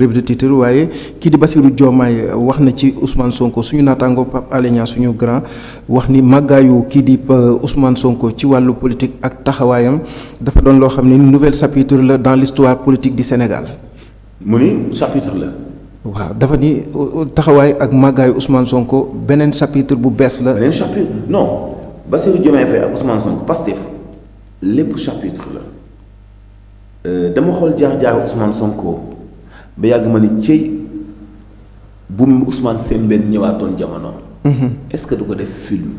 revue de titre waaye kii di Bassirou Diomaye wax na ci Ousmane Sonko suñu naataango Pape Alé suñu grand wax ni màggaayu kii di euh, Ousmane Sonko ci wàllu politique ak taxawaayam dafa doon loo xam ne nouvel chapitre la dans l'histoire politique du Sénégal. mu ni chapitre la. waaw dafa ni euh, taxawaay ak màggaayu Ousmane Sonko beneen chapitre bu bees la. beneen chapitre non Bassirou Diomaye Faye ak Ousmane lépp chapitre la euh, dama xool jaar jaaru Sonko. ba yàgg ma ni cey bu mu Ousmane ñëwaatoon jamono. Mhm. est-ce que du ko def film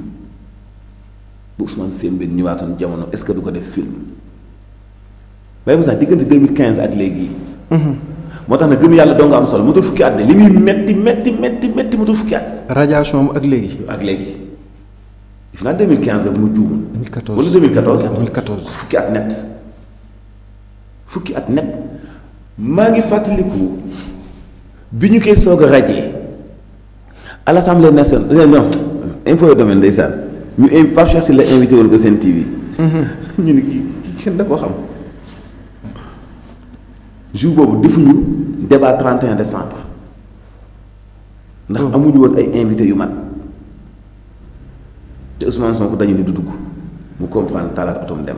bu Ousmane Sembène ñëwaatoon jamono est-ce que du ko def film Baye Moussa diggante 2015 ak léegi. Mhm. moo tax na gëm yàlla doo nga am solo matul fukki at de li muy metti metti metti metti matul fukki at. radiation ak léegi. ak léegi def naa 2015 daf mu juumul. 2014 wala 2014. 2014 fukki at net fukki at net. maa ngi fàttaliku bi ñu koy soog a rajee à l' assemblée nationale euh, non info et ñu in Pape Cheikh invité woon ko seen TV. Mhm. ñu ne kii kenn da ko xam. jour boobu defuñu débat 31 décembre. ndax oh. amuñu woon ay invité yu mat te Ousmane Sonko dañu ni du dugg mu comprendre talaata otom dem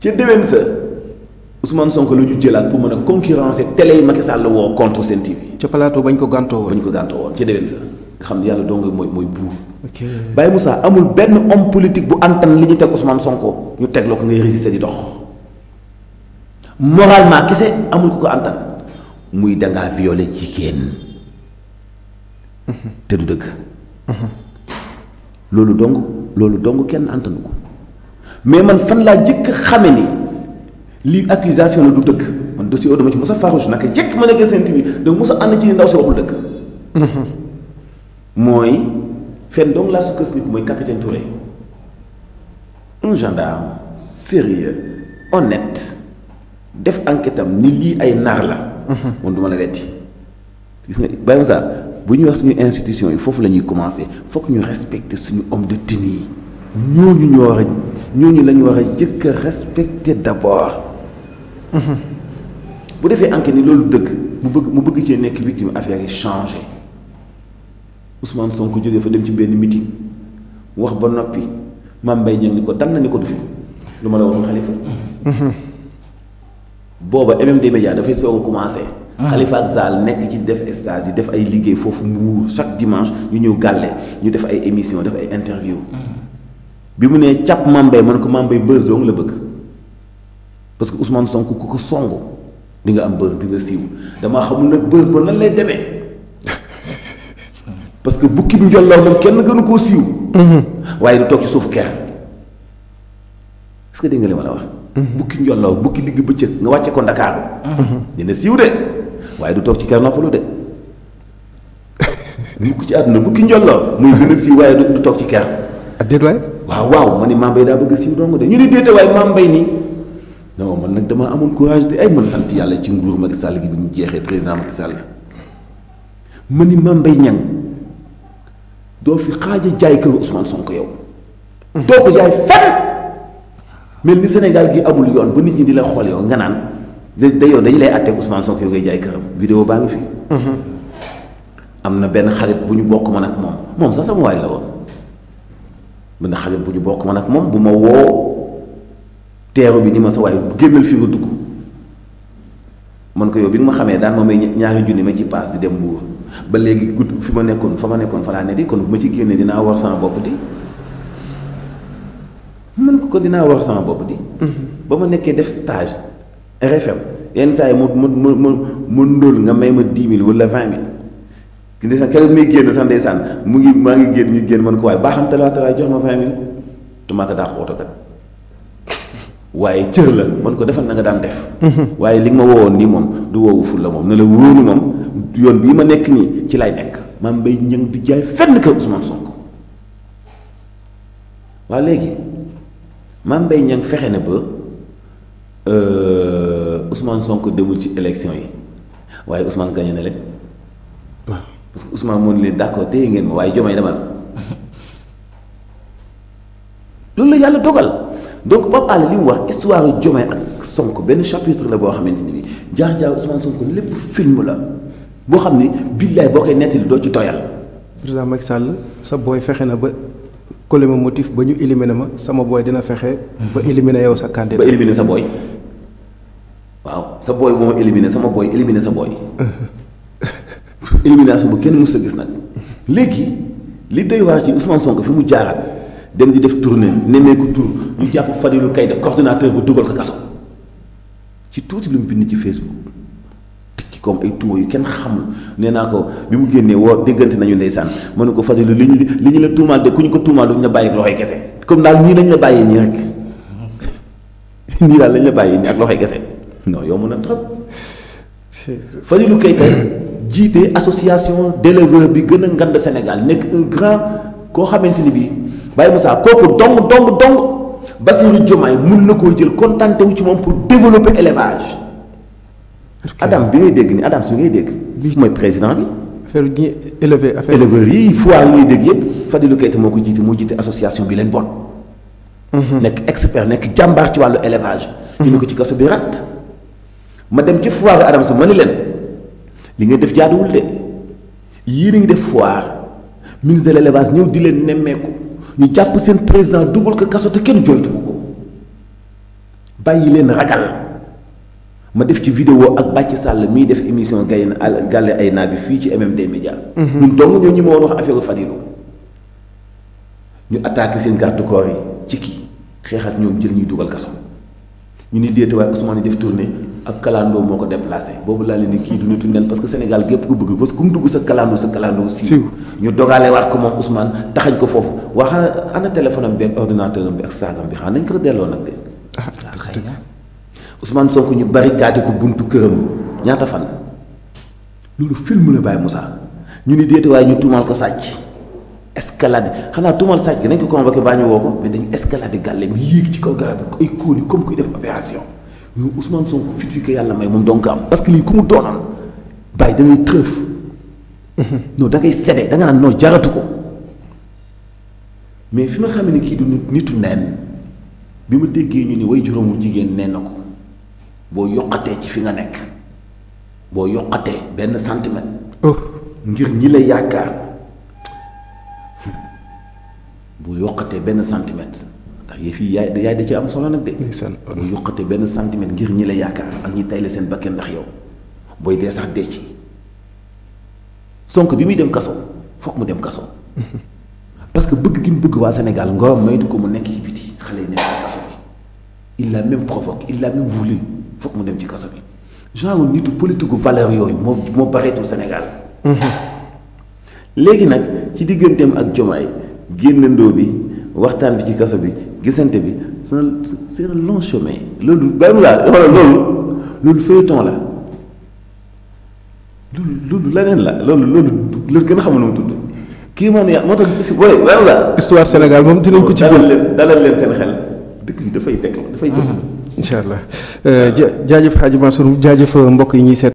ca déwén sa. Ousmane Sonko lu ñu jëlaat pour mëna concurrencer télé Macky Sall wo contre Sen TV. ci plateau bañ ko ganto bañ ko ganto ci déwén sa. nga xam ne yàlla dong moy mooy Baye Moussa amul benn homme politique bu antan li ñu teg Ousmane Sonko. ñu teg la ngay résister di dox moralement kese amul ko ko antan muy dangaa violé jigéen te du deug lolu dong lolu dong kenn antanuko mais man fan la jëk xamé ni li accusation la du dëkk man dossier dama ci mos a farouche naka jekk ma nekk seen bi da mos a ànd ci ndaw si waxul dëkk. Mhm. mooy fenn donc laa sukkandiku mooy capitaine Touré un gendarme sérieux honnête def enquête am ni lii ay nar la. moom du ma la wetti gis nga bàyyi ma bu ñuy wax suñu institution yi foofu la ñuy commencé foog ñu respecter suñu homme de tenue ñooñu ñoo war a ñooñu la ñu war a jëkk a respecter d' abord. Mm-hmm. bu defee enquête ni loolu dëkk mu bëgg mu bëgg cee nekk victime affaire yi changé Ousmane Sonko jóge fa dem ci benn meeting wax ba noppi Mame Mbaye Niang ni ko dal na ni ko du fi lu ma la waxoon Khalifa. Mm-hmm. booba MMD Média dafay soog a commencé. Mm-hmm. Khalifa ak Zal nekk ci def stage yi def ay liggéey foofu mu chaque dimanche ñu ñëw gàlle ñu def ay émission def ay interview bi mu nee càpp Mame Mbaye man ko Mame Mbaye bës dong la bëgg. parce que Ousmane Sonko ko ko songo di nga am buzz di nga siw dama xam nag buzz ba nan lay démé parce que bukki bi jollo mom kenn gënu koo siiw mhm. waye du tok ci souf kër est-ce que di nga lima la wax mhm. bukki jollo bukki ligue becc nga wacce ko Dakar mhm. dina siw dé waye du tok ci keer dé ni ko ci aduna bukki jollo muy gëna siw waye du tok ci kër déet waay waaw waaw ma mambay da bëgg siw dong dé ñu ni dété waye mambay ni non man nag damaa amoon courage de ay man sant yàlla ci nguur Macky Sall gi bi mu jeexee président Macky Sall ma ni Mame Mbaye Niang doo fi xaaja jaay kër Ousmane Sonko yow. doo ko jaay fenn. mel ni Sénégal gi amul yoon ba nit ñi di xool yow nga naan da da yow dañu lay àttee Ousmane Sonko yow ngay jaay këram. vidéo baa ngi fi. Mm-hmm. am na benn xarit bu ñu bokk man ak moom moom sax sama waay la woon benn xarit bu ñu bokk man ak moom bu ma woo. teeru bi ni ma sa waay génnal fi nga dugg man ko yow bi nga ma xamee daan ma may ñaari junni ma ci paas di dem buur ba léegi gudd fi ma nekkoon fa ma nekkoon falaa laa ne di kon bu ma ci génnee dinaa war sama bopp di ko ko dinaa war sama bopp di mm-hmm. ba ma nekkee def stage RFM yenn saa yi mu mu mu mu mu ndóol nga may ma dix mille wala vingt mille ndeysaan keroog muy génn sax ndeysaan mu ngi maa ngi génn ñu génn man ko waaye baa xam talaata jox ma vingt mille damaa ko dàq oto kat waaye cër la man ko defal na nga daan def. Mhm. waaye li nga ma woowoon nii moom du woowu ful la moom ne la wóor ni moom yoon bii ma nekk nii ci lay nekk maam Mbaye Niang du jaay fenn kër Ousmane Sonko. waaw léegi maam Mbaye Niang fexe na ba euh, Ousmane sonk demul ci élection yi waaye Ousmane gagné na leen. waaw parce que Ousmane moo ne leen d'accord téye ngeen ma waaye jomoy demal loolu la yàlla dogal. donc papa Alé li mu wax histoire yu ak Sonko ben chapitre la bo xamante ni bi jaar jaar Ousmane Sonko lepp film la bo xam billahi bokay netti do ci doyal. président Macky Sall sa boy fexe na ba collé ma motif ba ñu éliminer ma sama boy dina fexé ba éliminer yow sa candidat. ba éliminer sa boy waaw sa boy mo éliminer sama boy éliminer sa boy élimination bu kenn mës a gis nag léegi li doy waar ci Ousmane Sonko fi mu jaaraat dem di def tournée nemmeeku tour ñu japp fadilu Keïta coordinateur bu dugal ko kasso ci tuuti lu mu bind ci Facebook tikki comme ay tuuma yu ken xamul nee ko bi mu génnee woo déggante nañu ndeysaan ma ko fadilu liñu liñu la tuumaal de kuñ ko tuumaal duñ la bàyyi ak kesse comme dal ñii lañ la bàyyee ni rek ni dal lañ la bàyyee ni ak loxoy kesse non yo mo na trop fadilu Keïta jiite association d'éleveurs bi gën a ngand Sénégal nek un grand ko xamanteni bi bay Moussa kooku dong dong dong Bassirou Diomaye mun na koo jël contenté wu ci mom pour développer élevage. Adam bi ngay dégg ni Adam su ngay dégg. lii mooy président bi. affaire ñi élevé affaire éleveurs yi foire yi ngay dégg yëpp Fadilou Keita moko ko mo moo association bi leen bon. Mhm. nek expert nek jambar ci walu élevage. ñu ko ci kasso bi rat. ma dem ci foire Adam sa ma ni li nga def jaaduwul de yi ni ngi def foire ministre de l'élevage ñeu di leen nemmeeku. ñu jàpp seen président dugal ko kaso te kenn jooytu ko bàyyi leen ragal ma def ci vidéo ak Bàcc Sàll miy def émission gayen al gàlle ay naa bi fii ci MMD Média mhm. ñun dong ñoo ñi ma woon wax affaire Fadilou ñu attaqué seen garde yi ci kii xeex ak ñoom jël ñuy dugal kaso Nous ni way Ousmane def tourner ak moko déplacer déplacé la ki parce que Sénégal gépp ko bëgg parce que dugg sa kalandoo sa aussi. ñu dogalé wat ko mom Ousmane taxañ ko fofu wax ana téléphone bi ordinateur bi ak sagam bi xana ko de ah, ah, Ousmane Sonko ñu barricade ko buntu kërëm ñaata film la Moussa ñu ni ñu escalade xanaa tuumal sàcc dinañ ko convoquer bañu woko mais dañu escalade mi yéeg ci kaw garab bi ay kóoni comme kuy def opération ñu Ousmane Sonko fit fi ko yàlla may mom donc am parce que li ku mu doonoon bàyyi da ngay trëf mhm. non da ngay sede da nga naan non jaratu ko mais fi ma xam ne kii du nitu nen bi ma déggee ñu ni way juromu jigen nen na ko boo ci fi nga nekk boo yokkatee benn centimètre oh. ngir ñi la yaakaar bu Il y centimètre des yëf Il y a des ci am solo a de. Il y centimètre des ni la y ak ñi Il y ndax yow Il y sax des dem Il mu dem des parce que bëgg a des Sénégal a des ko mu nekk ci biti Il y a il a même provoqué il l'a même voulu Il mu dem ci kaso bi genre politique valeur yooyu il y au Sénégal. Maintenant.. Il ci a ak Diomaye un bi waxtaan bi ci kaso bi gisante bi c'est un long chemin loolu bàyyi xoolal loolu le feuilleton la loolu loolu leneen la loolu loolu loolu xamul nu mu tudd kii yaa moo tax wala histoire Sénégal moom dinañ ko ci. dalal leen dalal leen seen xel dëkk bi dafay dëkk dafay euh, dëkk. yi